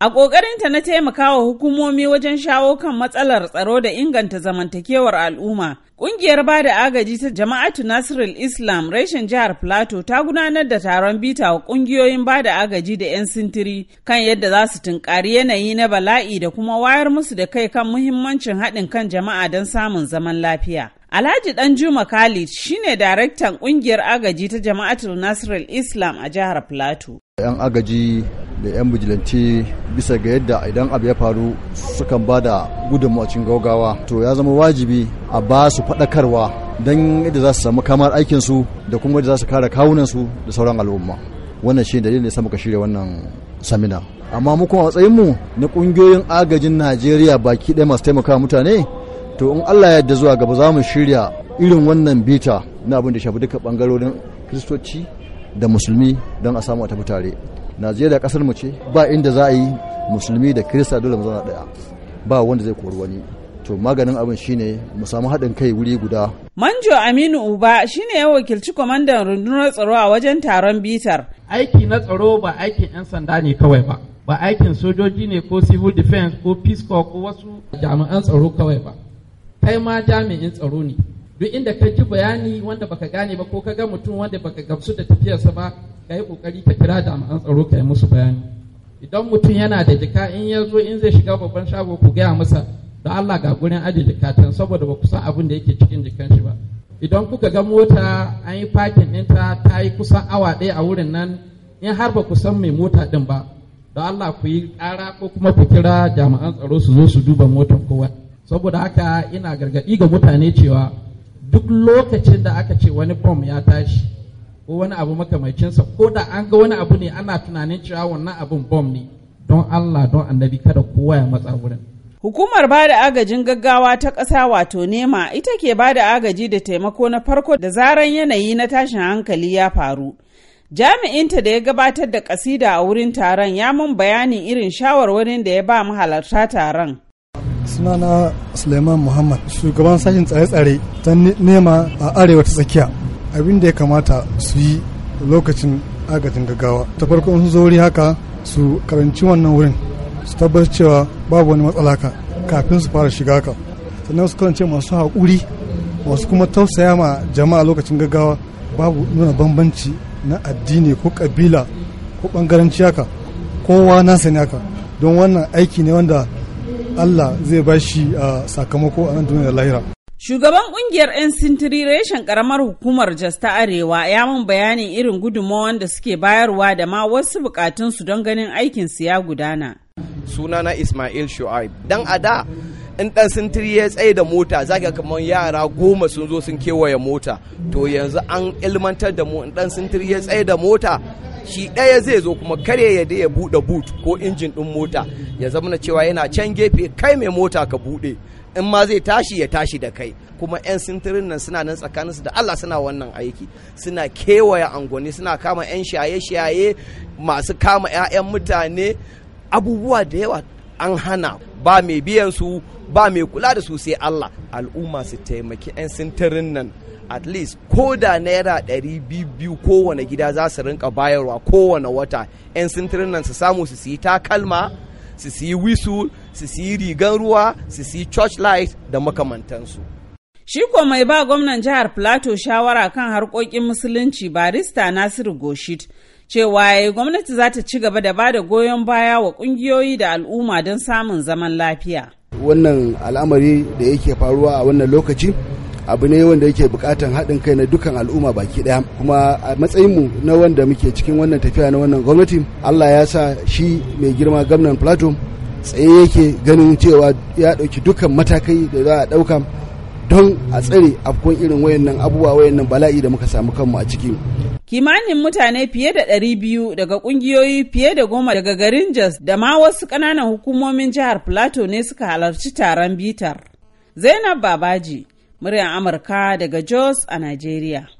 A ƙoƙarinta na taimakawa hukumomi wajen shawo kan matsalar tsaro da inganta zamantakewar al'umma, ƙungiyar ba da agaji ta jama'atu Nasirul Islam reshen jihar Plateau ta gudanar da taron bita wa ƙungiyoyin ba da agaji da 'yan sintiri kan yadda za su tunkari yanayi na bala'i da kuma wayar musu da kai kan muhimmancin haɗin kan jama'a don samun zaman lafiya. Alhaji Danjuma Khalid shine daraktan ƙungiyar agaji ta jama'atul Nasirul Islam a jihar Plateau. 'Yan agaji da 'yan bijilance bisa ga yadda idan abu ya faru sukan ba da gudunmawacin gaugawa to ya zama wajibi a ba su faɗakarwa don yadda za su samu kamar aikinsu da kuma yadda za su kare kawunansu da sauran al'umma wannan shi dalilin da ya muka shirya wannan samina amma mu kuma matsayinmu na ƙungiyoyin agajin najeriya baki ɗaya masu taimakawa mutane to in allah ya yadda zuwa gaba za mu shirya irin wannan bita na abin da shafi duka bangarorin kiristoci da musulmi don a samu a tafi tare najeriya kasar mu ce ba inda za a yi musulmi da kirista dole mu zauna daya ba wanda zai kori wani to maganin abin shine mu samu haɗin kai wuri guda manjo aminu uba shine ya wakilci kwamandan rundunar tsaro a wajen taron bitar aiki na tsaro ba aikin 'yan sanda ne kawai ba ba aikin sojoji ne ko civil defense ko peace corps ko wasu jami'an tsaro kawai ba kai ma jami'in tsaro ne duk inda ka ji bayani wanda baka gane ba ko ka ga mutum wanda baka gamsu da tafiyarsa ba ka yi ƙoƙari ka kira jami'an tsaro ka yi musu bayani idan mutum yana da jika in ya zo in zai shiga babban shago ku gaya masa da Allah ga gurin ajiye jikatan saboda ba ku san abin da yake cikin jikan shi ba idan kuka ga mota an yi fakin ɗinta ta yi kusan awa ɗaya a wurin nan in har ba ku san mai mota ɗin ba da Allah ku yi ƙara ko kuma ku kira jami'an tsaro su zo su duba motar kowa saboda haka ina gargaɗi ga mutane cewa duk lokacin da aka ce wani bom ya tashi ko wani abu makamancinsa ko da an ga wani abu ne ana tunanin cewa wannan abun bom ne don Allah don annabi kada kowa ya matsa wurin. Hukumar ba agajin gaggawa ta ƙasa wato nema ita ke bada agaji da taimako na farko da zaran yanayi na tashin hankali ya faru. Jami'inta da ya gabatar da kasida a wurin taron ya mun bayanin irin shawarwarin da ya ba mahalarta taron. Sunana Suleiman Muhammad, shugaban sashen tsare-tsare ta nema a arewa ta tsakiya. abin da ya kamata su yi lokacin agajin gaggawa ta farko sun zo wuri haka su karanci wannan wurin su tabbatar cewa babu wani matsala ka kafin su fara shiga ka sannan su karance masu haƙuri masu kuma tausaya ma jama'a lokacin gaggawa babu nuna bambanci na addini ko kabila ko bangaranci haka kowa nasa ne haka don wannan aiki ne wanda allah zai bashi shi ah, sakamako a nan duniyar lahira Shugaban kungiyar 'yan sintiri reshen karamar hukumar jas ta Arewa ya mun bayanin irin gudunmawar da suke bayarwa da ma wasu bukatun su don ganin aikinsu ya gudana. Sunana Ismail Shu'aib. Dan a da in dan sintiri ya tsaye da mota zaka kamar yara goma sun zo sun kewaye mota to yanzu an ilmantar da mu in dan sintiri ya tsaye da mota shi ɗaya zai zo kuma kare ya da ya buɗe boot ko injin ɗin mota ya zama cewa yana can gefe kai mai mota ka buɗe in ma zai tashi ya tashi da kai kuma 'yan sintirin nan suna nan tsakaninsu da Allah suna wannan aiki suna kewaye angoni suna kama 'yan shaye-shaye masu kama 'ya'yan mutane abubuwa da yawa an hana ba mai biyan su ba mai kula da su sai Allah al'umma su taimaki 'yan sintirin nan at least ko da naira 200 biyu kowane gida za su rinka bayarwa kowane wata 'yan sintirin nan su samu su siyi takalma su siyi wisu su siyi rigan ruwa su siyi church light da makamantansu Shi ko mai ba gwamnan jihar Plateau shawara kan harkokin musulunci barista Nasiru Goshit cewa ya gwamnati za ta ci gaba da ba da goyon baya wa kungiyoyi da al'umma don samun zaman lafiya. Wannan al'amari da yake faruwa a wannan lokaci abu ne wanda yake bukatan haɗin kai na dukkan al'umma baki ɗaya kuma a matsayinmu na wanda muke cikin wannan tafiya na wannan gwamnati Allah ya sa shi mai girma gwamnan Plateau tsaye yake ganin cewa ya ɗauki dukkan matakai da za a ɗauka don a tsare afkon irin wayannan abubuwa wayannan bala'i da muka samu kanmu a ciki. Kimanin mutane fiye da 200 daga kungiyoyi fiye da goma daga garin Jos da ma wasu ƙananan hukumomin jihar Plateau ne suka halarci taron bitar. Zainab Babaji, muryar Amurka daga Jos a nigeria.